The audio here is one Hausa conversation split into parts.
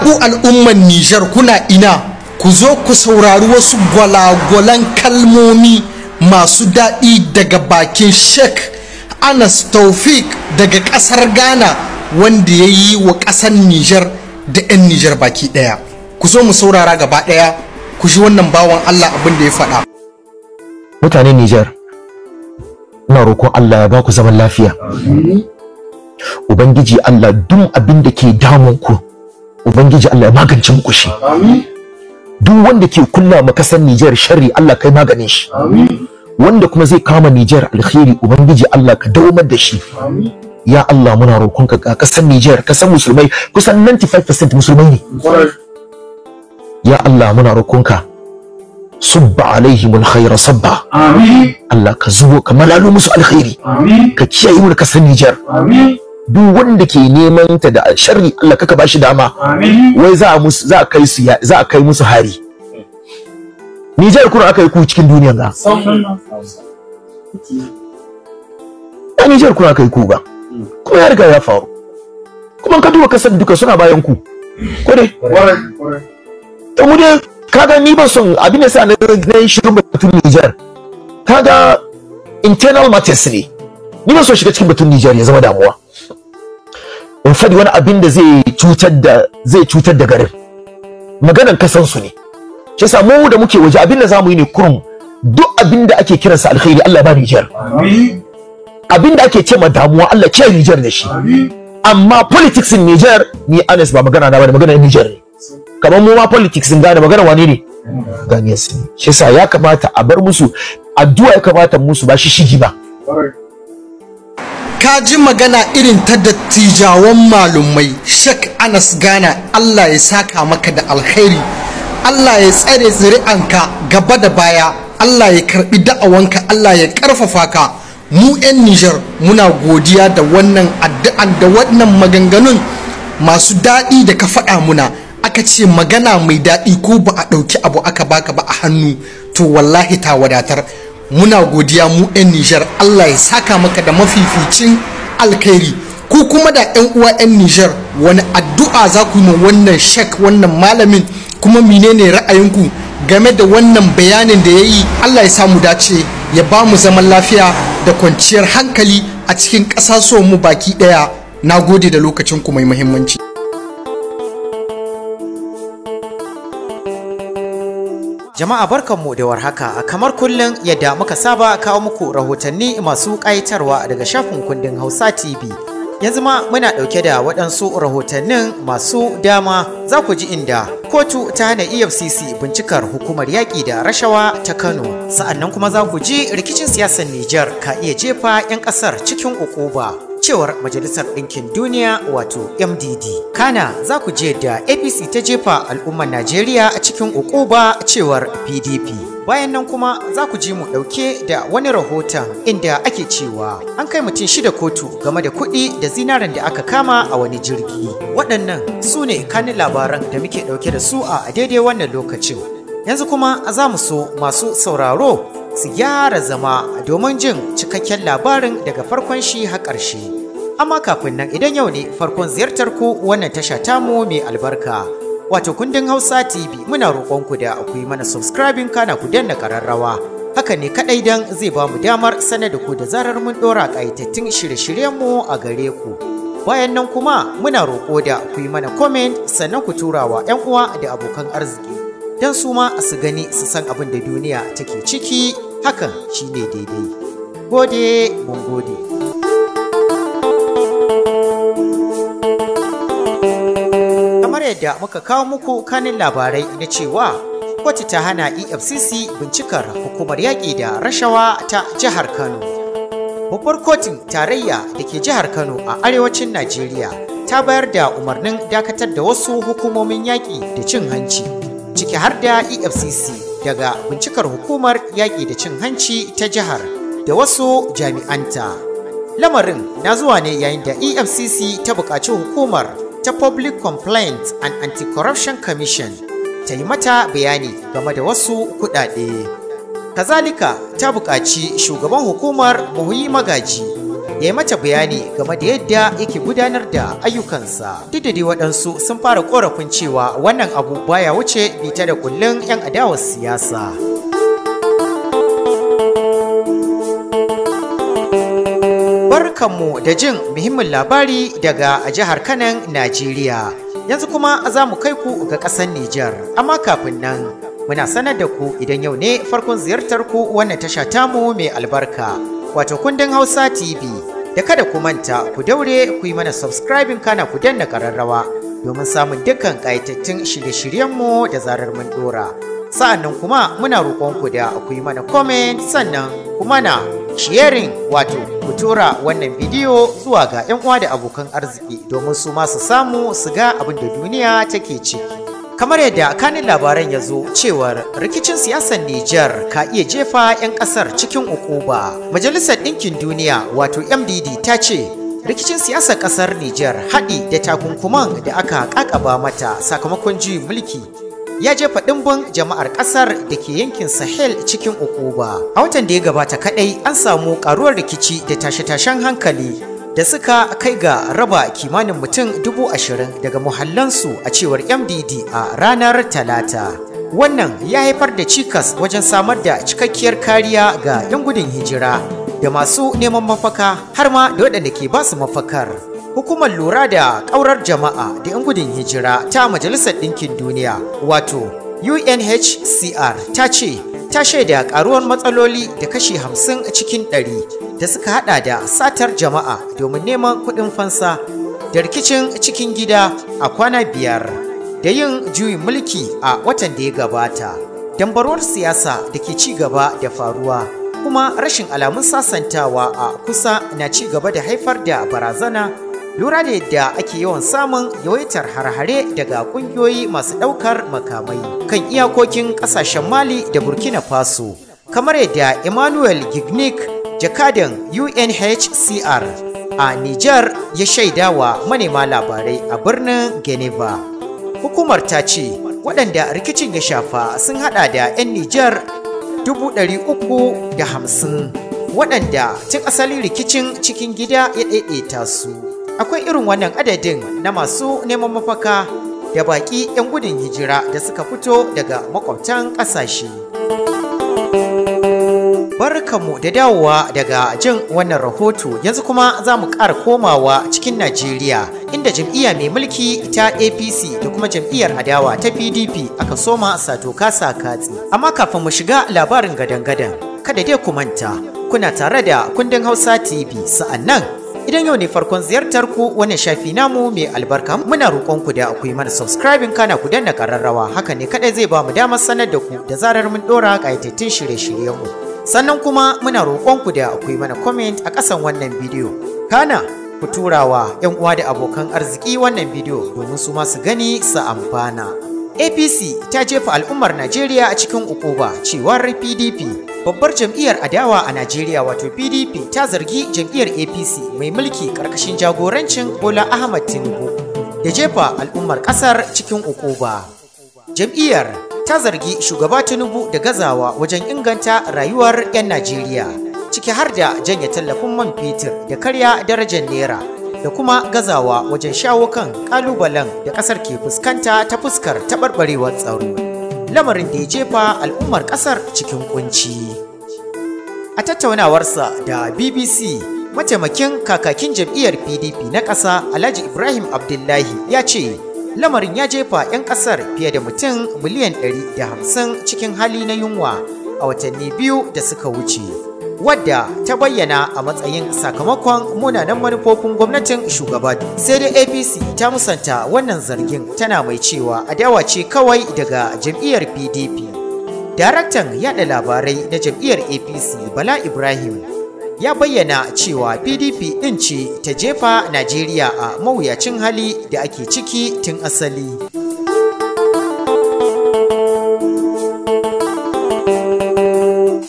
ku al'umman Nijar kuna ina ku zo ku saurari wasu gwalagwalan kalmomi masu daɗi daga bakin Sheikh Anas Taufik daga ƙasar Ghana wanda ya yi wa ƙasar Nijar da 'yan Nijar baki ɗaya. Ku zo mu saurara gaba ɗaya ku shi wannan bawan Allah abin da ya faɗa. mutane Nijar, ina roƙon Allah ya ba ku zaman lafiya. Ubangiji Allah duk abin da ke damun ku ubangiji Allah ya magance muku shi duk wanda ke kulla ma san Nijar sharri Allah kai maganin shi wanda kuma zai kama Nijar alkhairi ubangiji Allah ka daumar da shi ya Allah muna roƙon ka kasar Nijar ka san musulmai kusan 95% musulmai ne ya Allah muna ka subba alaihim khaira sabba Allah ka zubo ka malalo musu alkhairi ka kiyaye mu kasan Nijar amin duk wanda ke neman ta da sharri Allah kaka bashi dama wai za a musu za a kai su za a kai musu hari ni jai kuna aka yi ku cikin duniya ga a Nijar kuna yi ku ga kuma ya riga ya faru kuma ka duba kasar duka suna bayan ku ko dai to mu dai kaga ni ba son abin da sa na yi shirin batun Nijar kaga internal matters ne ni ba son shiga cikin batun Nijar ya zama damuwa in faɗi wani abin da zai cutar da zai cutar da garin maganan kasan su ne shi yasa mu da muke waje abin da zamu yi ne kurum duk abin da ake kiransa alkhairi Allah ba Niger abin da ake ce ma damuwa Allah ce Niger da shi amma politics in Niger ni Anas ba magana na ba magana Niger ne kamar mu ma politics in Ghana magana wane ne Ghanaians ya kamata a bar musu addu'a ya kamata musu ba shi shigi ba ka ji magana irin ta dattijawan malumai shek anas gana allah ya saka maka da alkhairi allah ya tsare zuri'anka gaba da baya allah ya karbi da'awanka allah ya karfafa ka mu 'yan nijar muna godiya da wannan addu'an da wannan maganganun masu daɗi da ka faɗa muna aka ce magana mai daɗi ko ba a ɗauki abu aka baka ba a hannu to wallahi ta wadatar muna godiya mu 'yan nijar allah ya saka maka da mafificin alkhairi ku kuma da 'yan uwa 'yan nijar wani addu'a za ku yi wannan shek wannan malamin kuma menene ra'ayinku game da wannan bayanin da ya yi allah ya samu dace ya ba mu zaman lafiya da kwanciyar hankali a cikin mu baki ɗaya na gode da lokacinku mai muhimmanci Jama'a barkanmu da warhaka kamar kullum yadda muka saba kawo muku rahotanni masu ƙayatarwa daga shafin kundin Hausa TV. Yanzu ma muna ɗauke da waɗansu rahotannin masu dama za ku ji inda kotu ta hana EFCC bincikar hukumar yaƙi da rashawa ta Kano. Sa'annan kuma za ku ji rikicin siyasar Nijar ka iya jefa 'yan ƙasar cikin ukuba. cewar Majalisar Ɗinkin Duniya wato MDD. Kana za ku je da APC ta jefa al'ummar Najeriya a cikin ukuba cewar PDP. bayan nan kuma za ku je mu ɗauke da wani rahoton inda ake cewa an kai mutum shida kotu game da kuɗi da zinaren da aka kama a wani jirgi waɗannan su ne kani labaran da muke ɗauke da su a daidai wannan lokacin yanzu kuma za mu so masu sauraro su gyara zama domin jin cikakken labarin daga farkon shi har ƙarshe. Amma kafin nan idan yau ne farkon ziyartar ku wannan tasha mu mai albarka. Wato kundin Hausa TV muna roƙon ku da ku yi mana subscribing kana ku danna ƙararrawa. Haka ne kaɗai dan zai ba mu damar sanar da ku da zarar mun ɗora ƙayatattun shirye-shiryenmu a gare ku. Bayan nan kuma muna roƙo da ku yi mana comment sannan ku tura wa 'yan uwa da abokan arziki. don su ma su gani su san abin da duniya take ciki hakan ne daidai gode mun gode yadda muka kawo muku kanin labarai na cewa kotu ta hana efcc bincikar hukumar yaƙi da rashawa ta jihar kano babbar kotun tarayya da ke jihar kano a arewacin najeriya ta bayar da umarnin dakatar da wasu hukumomin yaƙi da cin hanci ciki har da efcc daga bincikar hukumar yaƙi da cin hanci ta jihar da wasu jami'anta lamarin na zuwa ne yayin da efcc ta buƙaci hukumar ta public complaint and anti-corruption commission ta yi mata bayani game da wasu kuɗaɗe kazalika ta buƙaci shugaban hukumar muhuyi magaji ya yi mata bayani game da yadda yake gudanar da ayyukansa duk da dai waɗansu sun fara korafin cewa wannan abu baya wuce bita da kullun 'yan adawar siyasa barkanmu da jin muhimmin labari daga jihar kanan najeriya yanzu kuma za mu kai ku ga ƙasar nijar amma kafin nan muna sanar da ku idan yau ne farkon ziyartar ku wannan tasha tamu mai albarka wato kundin Hausa TV da kada ku manta ku daure ku yi mana subscribing kana ku danna kararrawa domin samun dukkan ƙayatattun shirye-shiryenmu da zarar mun dora. Sa'annan kuma muna roƙonku da ku yi mana comment sannan ku mana sharing wato ku tura wannan bidiyo zuwa ga 'yan uwa da abokan arziki domin su ma su samu su ga abin da duniya take ciki. kamar yadda kanin labaran ya zo cewar rikicin siyasar Nijar ka iya jefa 'yan kasar cikin ukuba. Majalisar Ɗinkin Duniya wato MDD ta ce rikicin siyasar kasar Nijar haɗi da takunkuman da aka ƙaƙaba mata sakamakon juyin mulki ya jefa ɗimbin jama'ar ƙasar da ke yankin sahel cikin ukuba a watan da ya gabata kaɗai an samu ƙaruwar rikici da tashe-tashen hankali da suka kai ga raba kimanin mutum dubu ashirin daga muhallansu a cewar mdd a ranar talata wannan ya haifar da cikas wajen samar da cikakkiyar kariya ga 'yan gudun hijira da masu neman mafaka har ma da waɗanda ke basu mafakar hukumar lura da ƙaurar jama'a da 'yan gudun hijira ta majalisar ɗinkin duniya wato unhcr ta ce ta shaida karuwar matsaloli da kashi hamsin cikin ɗari da suka hada da satar jama'a domin neman kuɗin fansa da rikicin cikin gida a kwana biyar da yin juyin mulki a watan da ya gabata dambarwar siyasa da ke ci gaba da faruwa kuma rashin alamun sasantawa a kusa na ci gaba da haifar da barazana lura ne da ake yawan samun yawaitar harhare daga ƙungiyoyi masu ɗaukar makamai kan iyakokin ƙasashen mali da burkina faso kamar yadda emmanuel gignic jakadan unhcr a niger ya shaidawa manema labarai a birnin geneva hukumar ta ce waɗanda rikicin ya shafa sun haɗa da 'yan niger 350 waɗanda tun asalin rikicin cikin gida ya ɗaiɗaita su akwai irin wannan adadin na masu neman mafaka da baƙi 'yan gudun hijira da suka fito daga makwabtan ƙasashe. Barkanmu da dawowa daga jin wannan rahoto yanzu kuma za mu ƙara komawa cikin Najeriya inda jam'iyya mai mulki ta APC da kuma jam'iyyar adawa ta PDP aka soma sato kasa katsi. Amma kafin mu shiga labarin gadan-gadan kada dai ku manta kuna tare da kundin Hausa TV sa'annan idan yau ne farkon ziyartar ku wannan shafi namu mai albarka muna roƙon ku da akwai mana subscribing kana ku danna kararrawa haka ne kadai zai ba mu damar sanar da ku da zarar mun dora kayatattun shirye-shiryen mu sannan kuma muna roƙon ku da akwai mana comment a ƙasan wannan bidiyo kana ku turawa 'yan uwa da abokan arziki wannan bidiyo domin su ma su gani su amfana APC ta jefa al'ummar Najeriya a cikin ukuba cewar PDP babbar jam'iyyar adawa a Najeriya wato PDP ta zargi jam'iyyar APC mai mulki karkashin jagorancin Bola Ahmad Tinubu da jefa al'ummar kasar cikin ukuba. Jam'iyyar ta zargi shugaba Tinubu da gazawa wajen inganta rayuwar 'yan Najeriya ciki har da janye tallafin man fetur da karya darajar naira da kuma gazawa wajen shawo kan kalubalen da kasar ke fuskanta ta fuskar taɓarɓarewar tsaro. lamarin da ya jefa al'ummar ƙasar cikin kunci. A tattaunawarsa da BBC, mataimakin kakakin jam'iyyar PDP na ƙasa Alhaji Ibrahim Abdullahi ya ce, lamarin ya jefa 'yan ƙasar fiye da mutum miliyan 150 cikin hali na yunwa a watanni biyu da suka wuce. Wadda ta bayyana a matsayin sakamakon munanan manufofin gwamnatin shugaba sai dai APC ta musanta wannan zargin tana mai cewa adawa ce kawai daga jam'iyyar PDP. Daraktan yaɗa labarai na jam'iyyar APC Bala Ibrahim ya bayyana cewa PDP ɗin ce ta jefa Najeriya a mawuyacin hali da ake ciki tun asali.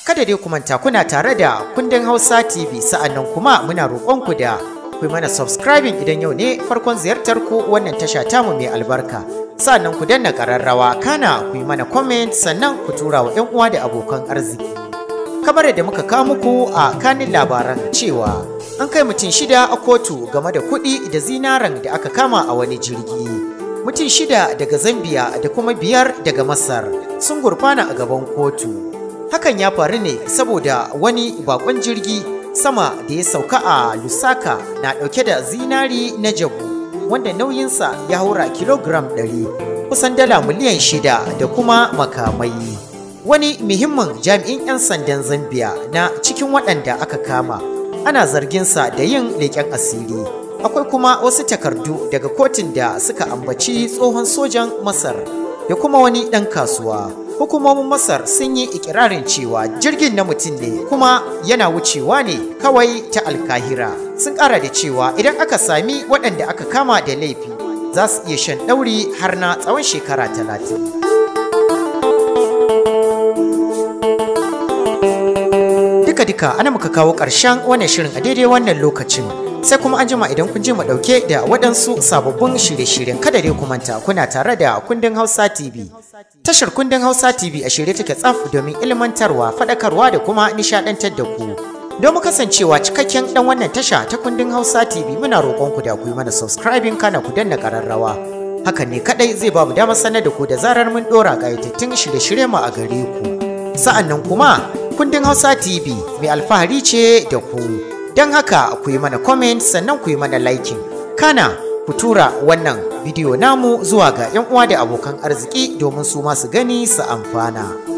Kada dai ku kumanta kuna tare da kundin Hausa TV sa'annan kuma muna roƙonku da ku mana subscribing idan yau ne farkon ziyartar ku wannan tasha tamu mai albarka. sannan ku danna ƙararrawa kana ku yi mana comment sannan ku tura wa 'yan uwa da abokan arziki kamar da muka kawo muku a kanin labaran cewa an kai mutum shida a kotu game da kuɗi da zinaran da aka kama a wani jirgi mutum shida daga zambia da kuma biyar daga masar sun gurfana a gaban kotu hakan ya faru ne saboda wani bakon jirgi sama da ya sauka a lusaka na ɗauke da zinari na jabu wanda nauyinsa ya haura kilogram 100 kusan dala miliyan shida da kuma makamai. Wani muhimmin jami'in 'yan sandan Zambia na cikin waɗanda aka kama ana zarginsa da yin leƙen asiri. Akwai kuma wasu takardu daga kotun da suka ambaci tsohon sojan Masar da kuma wani ɗan kasuwa. hukumomin masar sun yi ikirarin cewa jirgin na mutum ne kuma yana wucewa ne kawai ta alkahira sun ƙara da cewa idan aka sami waɗanda aka kama da laifi za su iya shan ɗauri har na tsawon shekara talatin. Duka-duka ana muka kawo ƙarshen wannan shirin a daidai wannan lokacin. Sai kuma an jima idan kun je mu ɗauke da waɗansu sababbin shirye-shiryen kada dai ku manta kuna tare da kundin Hausa TV. Tashar kundin Hausa TV a shirye take tsaf domin ilmantarwa, faɗakarwa da kuma nishaɗantar da ku. don mu kasancewa cikakken ɗan wannan tasha ta kundin Hausa TV muna roƙon ku da ku yi mana subscribing kana ku danna ƙararrawa. Hakan ne kaɗai zai ba mu damar sanar da ku da zarar mun ɗora ƙayatattun shirye-shirye mu a gare ku. Sa'an kuma kundin Hausa TV mai alfahari ce da ku. Don haka ku yi mana comment sannan ku yi mana liking. Kana ku tura wannan bidiyo namu zuwa ga 'yan uwa da abokan arziki domin su masu gani su amfana.